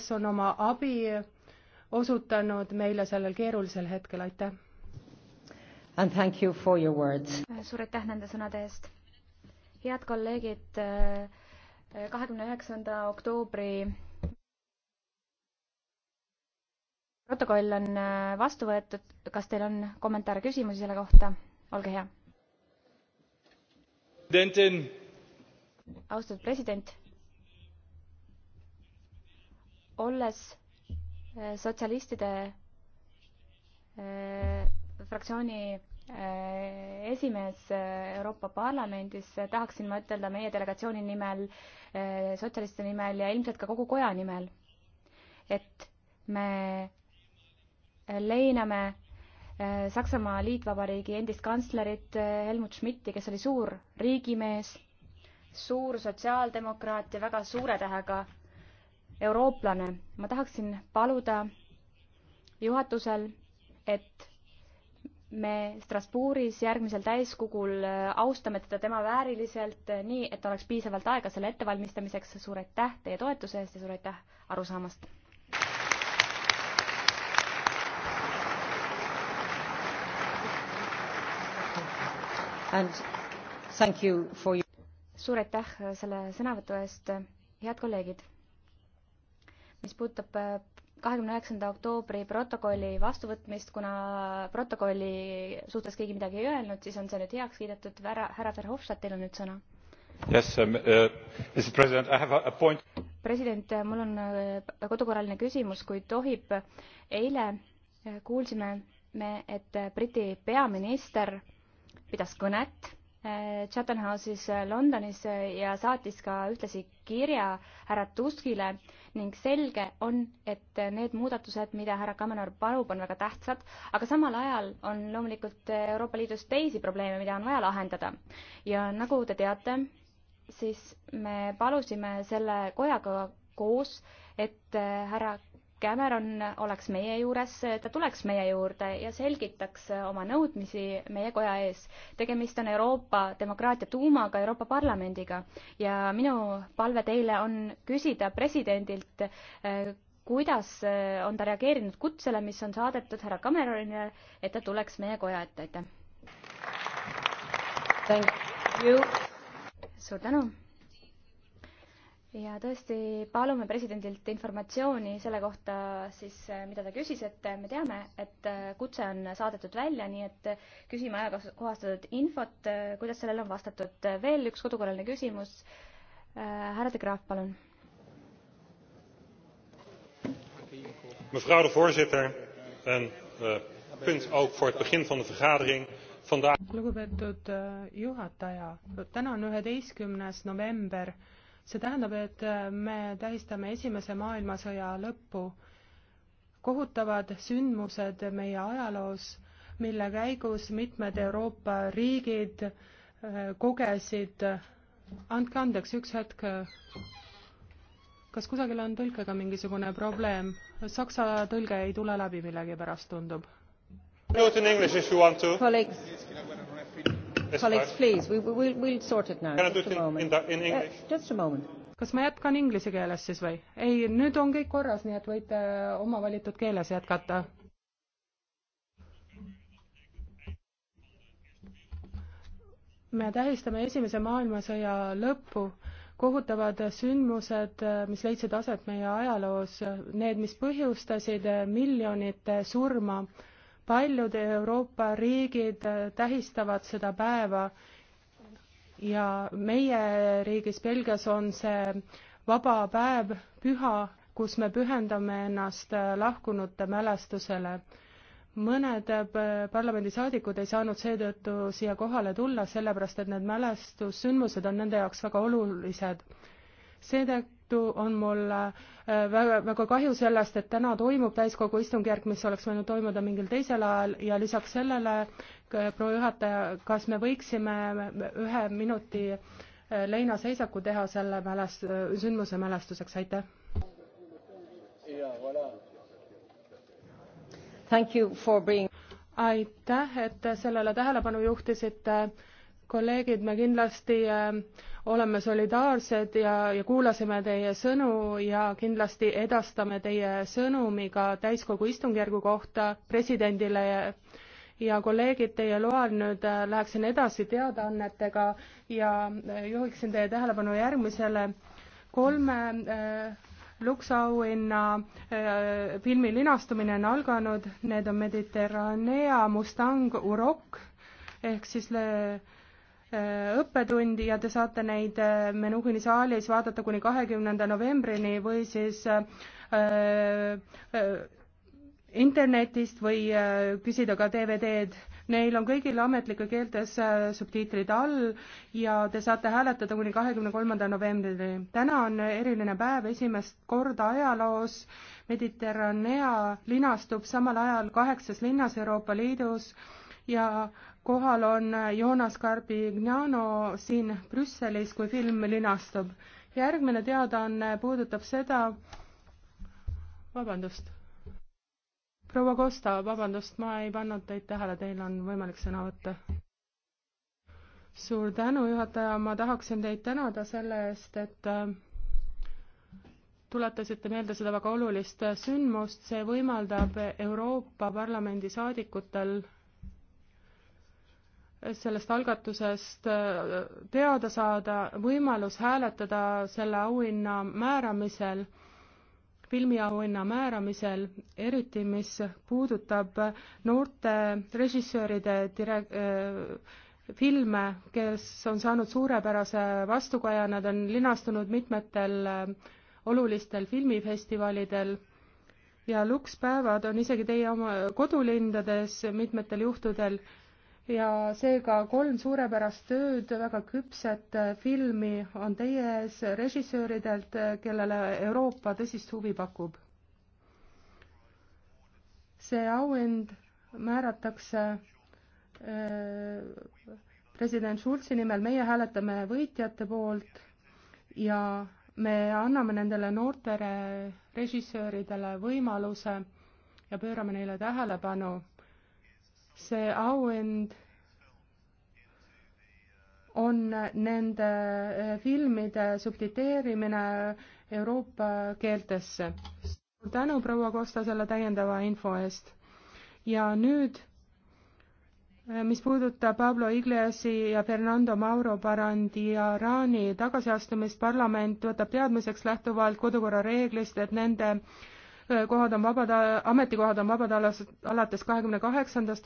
kes on oma abi osutanud meile sellel keerulisel hetkel, aitäh! And thank you for your words. suur aitäh nende sõnade eest! head kolleegid, eh, kahekümne üheksanda oktoobri protokoll on eh, vastu võetud, kas teil on kommentaare, küsimusi selle kohta, olge hea. austatud president olles äh, sotsialistide äh, fraktsiooni äh, esimees Euroopa Parlamendis, tahaksin ma ütelda meie delegatsiooni nimel, sotsialistide nimel ja ilmselt ka kogu koja nimel, et me leiname Saksamaa Liitvabariigi endist kantslerit Helmut Schmidti, kes oli suur riigimees, suur sotsiaaldemokraat ja väga suure tähega eurooplane. ma tahaksin paluda juhatusel, et me Strasbourgis järgmisel täiskogul äh, austame teda tema vääriliselt, äh, nii et oleks piisavalt aega selle ettevalmistamiseks. suur aitäh teie toetuse eest ja suur aitäh aru saamast! You your... suur aitäh äh, selle sõnavõtu eest, head kolleegid! mis puudutab äh, kahekümne üheksanda oktoobri protokolli vastuvõtmist, kuna protokolli suhtes keegi midagi ei öelnud, siis on see nüüd heaks kiidetud. härra, härra Verhofstadt, teil on nüüd sõna. Yes, um, uh, president, president, äh, mul on äh, kodukorraline küsimus, kui tohib. eile kuulsime me, et Briti peaminister pidas kõnet Chatham House'is äh, Londonis äh, ja saatis ka ühtlasi kirja härra Tuskile ning selge on, et äh, need muudatused, mida härra Kamenor palub, on väga tähtsad, aga samal ajal on loomulikult Euroopa Liidus teisi probleeme, mida on vaja lahendada. ja nagu te teate, siis me palusime selle kojaga koos, et härra Cameron oleks meie juures, ta tuleks meie juurde ja selgitaks oma nõudmisi meie koja ees. tegemist on Euroopa demokraatia tuumaga, Euroopa Parlamendiga ja minu palve teile on küsida presidendilt, eh, kuidas eh, on ta reageerinud kutsele, mis on saadetud härra Cameronile, et ta tuleks meie koja ette, aitäh! suur tänu! ja tõesti palume presidendilt informatsiooni selle kohta siis, äh, mida ta küsis, et me teame, et äh, kutse on saadetud välja, nii et küsime ajakohastatud infot, äh, kuidas sellele on vastatud. veel üks kodukorraline küsimus. härra De Graaf, palun. mevrouw de voorzitter, een eh, punt ook voor het begin van de vergadering vandaag. lugupeetud eh, juhataja, täna on üheteistkümnes november see tähendab, et äh, me tähistame Esimese maailmasõja lõppu. kohutavad sündmused meie ajaloos, mille käigus mitmed Euroopa riigid äh, kogesid, äh, andke andeks, üks hetk, kas kusagil on tõlkega mingisugune probleem? saksa tõlge ei tule läbi millegipärast, tundub. Colleagues, Colleagues, please, we will we'll sort it now. Can I do it in, in, the, in uh, English? Uh, just a moment. kas ma jätkan inglise keeles siis või? ei, nüüd on kõik korras, nii et võite äh, oma valitud keeles jätkata. me tähistame Esimese maailmasõja lõppu kohutavad sündmused, äh, mis leidsid aset meie ajaloos, äh, need, mis põhjustasid miljonite surma paljud Euroopa riigid tähistavad seda päeva ja meie riigis Belgias on see vaba päev, püha, kus me pühendame ennast lahkunute mälestusele. mõned parlamendisaadikud ei saanud seetõttu siia kohale tulla, sellepärast et need mälestussündmused on nende jaoks väga olulised. seetõttu seetõttu on mul äh, väga, väga kahju sellest, et täna toimub täiskogu istungjärk, mis oleks võinud toimuda mingil teisel ajal ja lisaks sellele, äh, proua juhataja, kas me võiksime ühe minuti äh, leinaseisaku teha selle mälest-, sündmuse mälestuseks, aitäh! Being... aitäh, et sellele tähelepanu juhtisite kolleegid, me kindlasti äh, oleme solidaarsed ja, ja kuulasime teie sõnu ja kindlasti edastame teie sõnumi ka täiskogu istungjärgu kohta presidendile ja, ja kolleegid, teie loal nüüd äh, läheksin edasi teadaannetega ja äh, juhiksin teie tähelepanu järgmisele kolme äh, Luksauhinna äh, filmi linastumine on alganud, need on Mediterranea, Mustang, Urok ehk siis le, õppetundi ja te saate neid äh, Menuhini saalis vaadata kuni kahekümnenda novembrini või siis äh, äh, internetist või äh, küsida ka DVD-d. Neil on kõigil ametlike keeltes äh, subtiitrid all ja te saate hääletada kuni kahekümne kolmanda novembrini. täna on eriline päev, esimest korda ajaloos Mediterranea linastub samal ajal kaheksas linnas Euroopa Liidus ja kohal on äh, Jonas Garbignano siin Brüsselis, kui film linastub. järgmine teadaanne puudutab seda, vabandust, proua Kosta, vabandust, ma ei pannud teid tähele, teil on võimalik sõna võtta. suur tänu, juhataja, ma tahaksin teid tänada selle eest, et äh, tuletasite meelde seda väga olulist sündmust, see võimaldab Euroopa Parlamendi saadikutel sellest algatusest äh, teada saada, võimalus hääletada selle auhinna määramisel, filmiauhinna määramisel, eriti mis puudutab noorte režissööride direk-, äh, filme, kes on saanud suurepärase vastukaja, nad on linastunud mitmetel äh, olulistel filmifestivalidel ja Lux päevad on isegi teie oma kodulindades mitmetel juhtudel ja seega kolm suurepärast tööd, väga küpset äh, filmi on teie ees režissööridelt, äh, kellele Euroopa tõsist huvi pakub. see auhind määratakse äh, president Schulzi nimel, meie hääletame võitjate poolt ja me anname nendele noortele režissööridele võimaluse ja pöörame neile tähelepanu see auhind on nende äh, filmide subtiteerimine Euroopa keeltesse. suur tänu, proua Kosta, selle täiendava info eest. ja nüüd äh, mis puudutab Pablo Iglesi ja Fernando Mauro Barandiarani tagasiastumist, parlament võtab teadmiseks lähtuvalt kodukorra reeglist, et nende äh, kohad on vabad, ametikohad on vabad alas, alates kahekümne kaheksandast